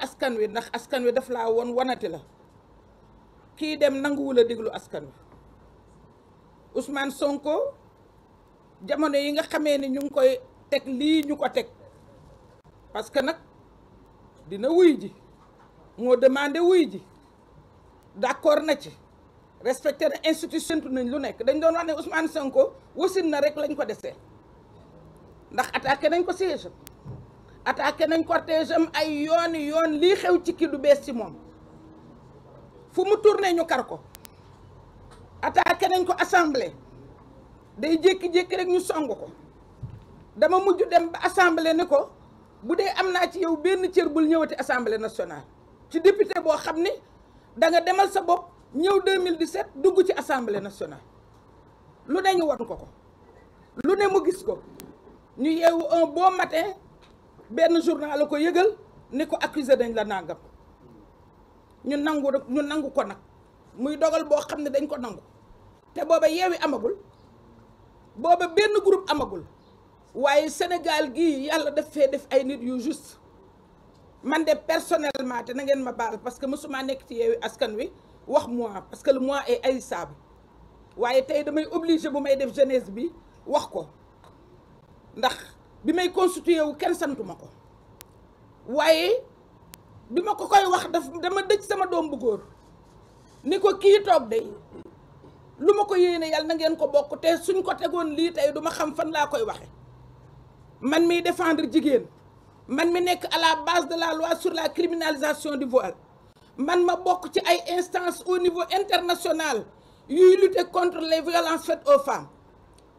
askan wi ndax askan wi daf laa won wanati la kii dem nanguwul a déglu askan wi Ousmane Sonko jamono yi nga xamee ni ñu ngi koy teg lii ñu ko teg parce que nag dina wuy ji moo demandé wuy ji d'accord na ci respecté na institution tu nañ lu nekk dañ doon wax ne Ousmane Sonko wasin na rek lañ ko desee ndax attaqué nañ ko siège attaqué nañ cortège am ay yoon yoon lii xew ci kii du bees ci moom fu mu tourné ñu kar ko attaqué nañ ko assemblée day jékki-jékki rek ñu song ko dama mujj dem ba assemblée ni ko bu dee am naa ci yow benn cër bul ñëwati assemblée nationale ci député boo xam ni danga demal sa bopp ñëw 2017 dugg ci assemblée nationale lu ne ñu watu ko ko lu ne mu gis ko ñu yeewu un beau matin benn journal la ko yëgal ni ko accusé dañ la nàngam ñu nangu ñu nangu ko nag muy dogal boo xam ne dañ ko nangu te booba yeewi amagul booba benn groupe amagul waaye Sénégal gii yàlla def fee def ay nit yu juste man de personnellement te na ngeen ma baal parce que mësuma nekk ci yeewi askan wi wax moi parce que le moi ay haïssable waaye tey damay obligé bu may def jeunesse bi wax ko ndax bi may constitué wu kenn santuma ko waaye bi ma ko koy wax daf dama dëj sama doom bu góor ni ko kii toog de lu ma ko yéene yàlla na ngeen ko bokk te suñ ko tegoon lii tey duma xam fan laa koy waxe man miy défendre jigéen man mi nekk à la base de la loi sur la criminalisation du voile man ma bokk ci ay instances au niveau international yuy lutter contre les violences faites aux femmes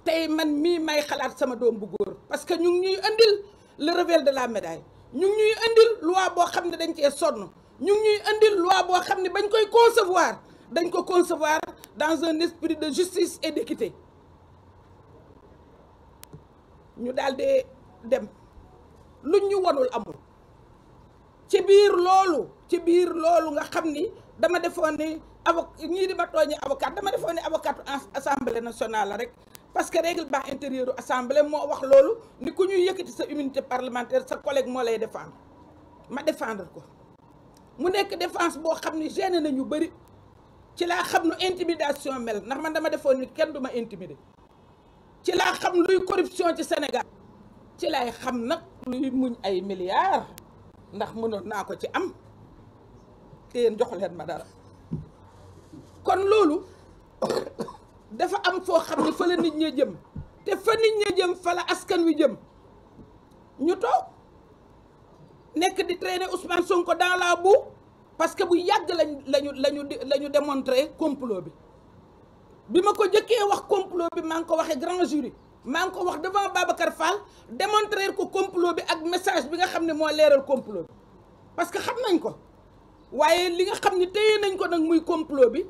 tey man mii may xalaat sama doom bu góor parce que ñu ngi ñuy andil le revers de la médaille ñu ñuy andil loi boo xam ne dañ cee sonn ñu ngi ñuy andil loi boo xam ne bañ koy concevoir dañ ko concevoir dans un esprit de justice et d'équité ñu daal di dem luñ ñu wanul amul ci biir loolu ci biir loolu nga xam ni dama defoon ni avocat ñii di ma tooñi avocat dama defoon ni avocat assemblée nationale la rek parce que règlement intérieur assemblée moo wax loolu ni ku ñuy yëkkati sa immunité parlementaire sa collègue moo lay défendre ma défendre ko mu nekk défense boo xam ne gêné na ñu bëri ci laa xam nu intimidation mel ndax man dama defoon ni kenn du ma intimider ci laa xam luy corruption ci Sénégal ci laay xam nag luy muñ ay milliards ndax mënoon naa ko ci am te yéen leen ma dara kon loolu. foo xam ne fa la nit ña jëm te fa nit ña jëm fa la askan wi jëm ñu to nekk di traîner Ousmane Sonko dans la boue parce que bu yàgg lañ lañu lañu lañu démontrer complot bi bi ma ko jëkkee wax complot bi maa ngi ko waxee grand jury maa ngi ko wax devant Babacar Fall démontrer ko complot bi ak message bi nga xam ne moo leeral complot bi parce que xam nañ ko waaye li nga xam ni téye nañ ko nag muy complot bi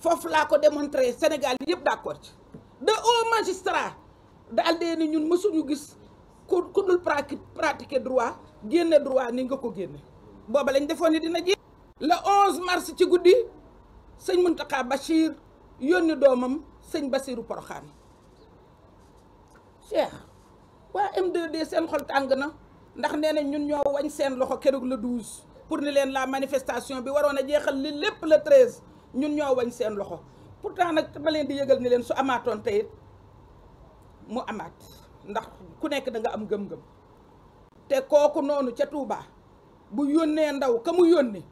foofu laa ko démontré Sénégal yëpp d'accord ci de haut magistrat daal ni ñun mësuñu gis ku ku dul pratiquer droit génne droit ni nga ko génne booba lañ defoon ni dina jeex la 11 mars ci guddi sëñ Mountakha Bachir yónni doomam sëñ Bassirou Porokhane Cheikh waa M2D seen xol tàng na ndax nee na ñun ñoo wañ seen loxo keroog le 12 pour ni leen la manifestation bi waroon a jeexal li lépp le 13 ñun ñoo wañ seen loxo pourtant nag dama leen di yëgal ni leen su amaatoon tey it mu amaat ndax ku nekk da nga am gëm-gëm te kooku noonu ca Touba bu yónnee ndaw ka mu yónni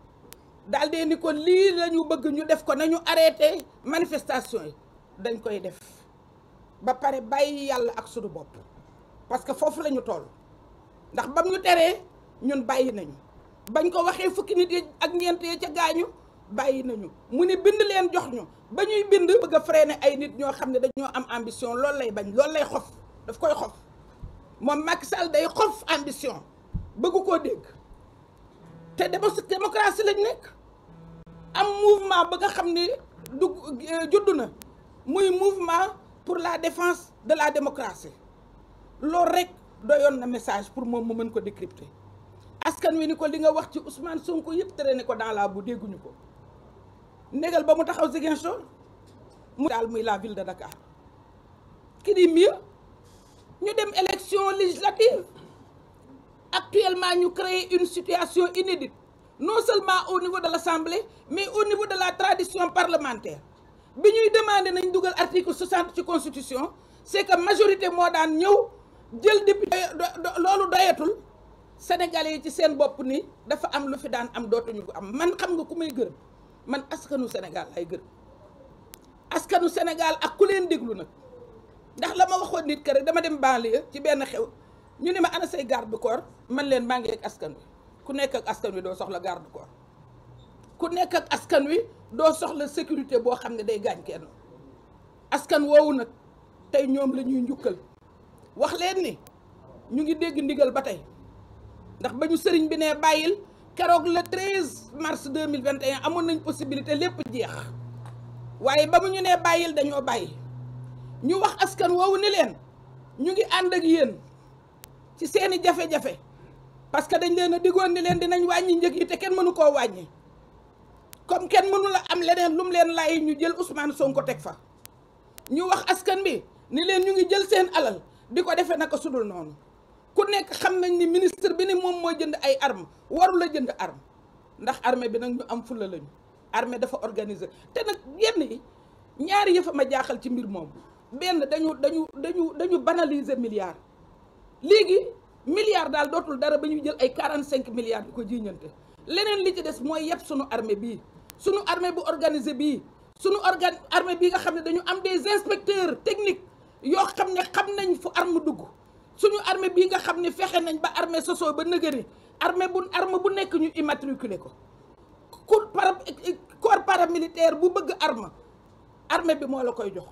daal dee ni ko lii la ñu bëgg ñu def ko nañu arrêté manifestation yi dañ koy def ba pare bàyyi yàlla ak suñu bopp parce que foofu la ñu toll ndax bam ñu teree ñun bàyyi nañu bañ ko waxee fukki nit yi ak ñeent yi ca gaañu bàyyi nañu mu ne bind leen jox ñu ba ñuy bind bëgg a freiner ay nit ñoo xam ne dañoo am ambition loolu lay bañ loolu lay xof daf koy xof moom Macky Sall day xof ambition bëgg koo dégg te démocratie lañ nekk am mouvement ba nga xam ne du euh, juddu na muy mouvement pour la défense de la démocratie loolu rek doyoon na message pour moom mu mën ko décrypter askan wi ni ko li nga wax ci Ousmane Sonko yëpp tere ne ko dans la bu dégguñu ko négal ba mu taxaw Ziguinchor mu daal muy la ville de Dakar qui dit mieux ñu dem élection législative actuellement ñu créer une situation inédite non seulement au niveau de l'Assemblée mais au niveau de la tradition parlementaire bi ñuy demander nañ dugal article 60 ci constitution c'est que majorité moo daan ñëw jël député loolu doyatul sénégalais yi ci seen bopp ni dafa am lu fi daan am dootuñu ko am man xam nga ku may gërëm man askanu Sénégal ay gërëm askanu senegal ak ku leen déglu nag ndax la ma waxoon nit ka dama dem banlieue ci benn xew ñu ne ma ana garde corps man leen maa ngi askan wi ku nekk ak askan wi doo soxla garde corps ku nekk ak askan wi doo soxla sécurité boo xam ne day gaañ kenn askan woowu nag tey ñoom lañuy njukkal wax leen ni ñu ngi dégg ndigal ba tey ndax ba ñu sëriñ bi nee bàyyil keroog le 13 mars 2021 amoon nañ possibilité lépp jeex waaye ba mu ñu nee bàyyil dañoo bàyyi ñu wax askan woowu ni leen ñu ngi ànd ak yéen ci seeni jafe-jafe parce que dañ leen a diggoon ni leen dinañ wàññi njëg yi te kenn mënu koo wàññi comme kenn mënu la am leneen lu mu leen làyyi ñu jël Ousmane Sonko teg fa ñu wax askan bi ni leen ñu ngi jël seen alal di ko defee naka sudul noonu ku nekk xam nañ ni ministre bi ni moom moo jënd ay arme waru la jënd arme ndax armée bi nag ñu am fulla lañu armée dafa organiser te nag yenn yi ñaari yëfa ma jaaxal ci mbir moom benn dañu dañu dañu dañu banaliser milliards léegi milliards daal dootul dara ba ñuy jël ay quarante cinq milliards di ko jiiñante leneen li ci des mooy yëpp sunu armée bii sunu armée bu organisé bi sunu organ armée bi nga xam ne dañu am des inspecteurs techniques yoo xam ne xam nañ fu arme dugg suñu armée bii nga xam ne fexe nañ ba armée sosoo ba nëgëri armée bu arme bu nekk ñu immatriculé ko corps para corps paramilitaire bu bëgg arme armée bi moo la koy jox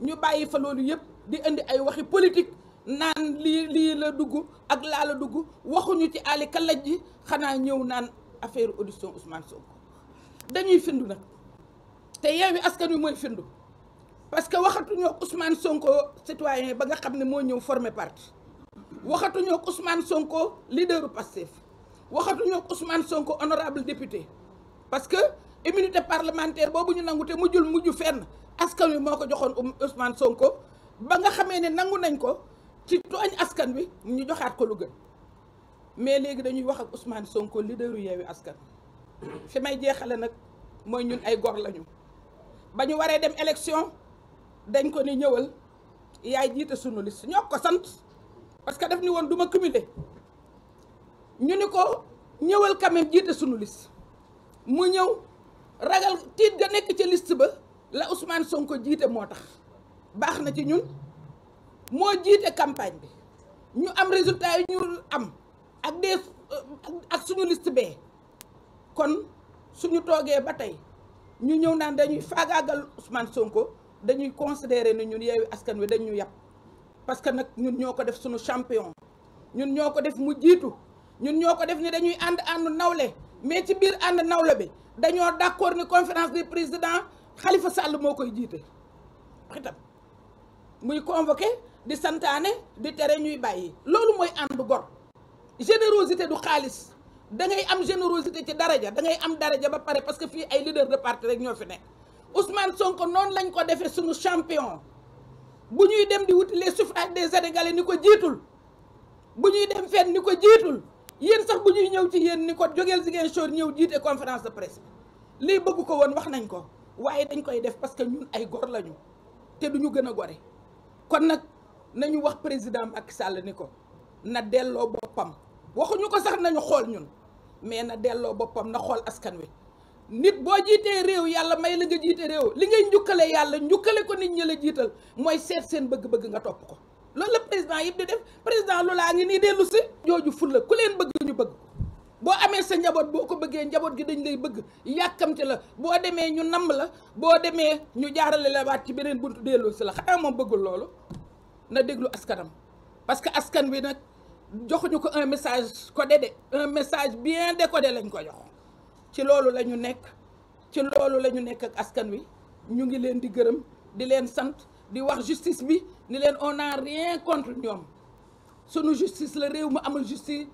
ñu bàyyi fa loolu yëpp di indi ay waxi politique naan lii lii la dugg ak laa la dugg waxuñu ci Ali Kalaj ji xanaa ñëw naan affaire audition Ousmane Sonko dañuy findu nag te Yewwi Askan Wi mooy findu parce que waxatuñoo Ousmane Sonko citoyen ba nga xam ne moo ñëw former parti waxatuñu ak Ousmane Sonko leaderu Pastef waxatuñu ak Ousmane Sonko honorable député parce que immunité parlementaire boobu ñu nangu te mujjul mujj fenn askan wi moo ko joxoon um, Ousmane Sonko ba nga xamee ne nangu nañ ko ci tooñ askan wi ñu joxaat ko lu gën mais léegi dañuy wax ak Ousmane Sonko leaderu Yewwi Askan fi may jeexale nag mooy ñun ay gor lañu ba ñu waree dem élection dañ ko ni ñëwal yaay jiite sunu liste ñoo ko sant. parce que daf ni woon du ma cumuler ñu ni ko ñëwal quand même jiite sunu liste mu ñëw ragal tiit ga nekk ci list ba la Ousmane Sonko jiite moo tax baax na ci ñun moo jiite campagne bi ñu am résultat yi ñu am ak des euh, ak suñu liste bee kon suñu toogee ba tey ñu ñëw naan dañuy faagaagal Ousmane Sonko dañuy considérer ne ñun yeewi askan wi dañu yàpp parce que nag ñun ñoo ko def suñu champion ñun ñoo ko def mu jiitu ñun ñoo ko def ni dañuy ànd ànd nawle mais ci biir ànd nawle bi dañoo d'accord ni conférence des présidents Khalifa Sall moo koy jiite xitam muy convoqué di santaane di tere ñuy bàyyi loolu mooy ànd gor générosité du xaalis da ngay am générosité ci daraja da ngay am daraja ba pare parce que fii ay leader de parti rek ñoo fi nekk Ousmane Sonko noonu lañ ko defee suñu champion bu ñuy dem di wuti les suffrages des sénégalais ni ko jiitul bu ñuy dem fenn ni ko jiitul yéen sax bu ñuy ñëw ci yéen ni ko jógeel Ziguinchor ñëw jiite conférence de presse bi lii bëgg ko woon wax nañ ko waaye dañ koy def parce que ñun ay gor lañu te duñu gën a gore kon nag nañu wax président Macky Sall ni ko na delloo boppam waxuñu ko sax nañu xool ñun mais na delloo boppam na xool askan wi nit boo jiitee réew yàlla may la nga jiitee réew li ngay njukkale yàlla njukkale ko nit ñi la jiital mooy seet seen bëgg-bëgg nga topp ko loolu la président yëpp di def président laa ngi nii dellu si jooju fulla ku leen bëgg ñu bëgg boo amee sa njaboot boo ko bëggee njaboot gi dañ lay bëgg yàkkamte la boo demee ñu namm la boo demee ñu jaarale la waat ci beneen buntu dellu si la a moom bëggul loolu na déglu askanam parce que askan wi nag joxuñu ko un message codé message bien décodé lañ ko jox ci loolu la ñu nekk ci loolu la ñu nekk ak askan wi ñu ngi leen di gërëm di leen sant di wax justice bi ni leen on n'a rien contre ñoom sunu justice la réew mu amul justice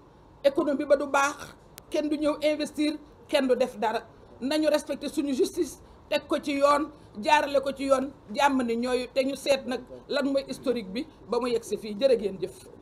économie ba du baax kenn du ñëw investir kenn du def dara nañu respecté suñu justice teg ko ci yoon jaarale ko ci yoon jàmm ni ñooyu te ñu seet nag lan mooy historique bi ba mu yegg si fii jërë ngeen jëf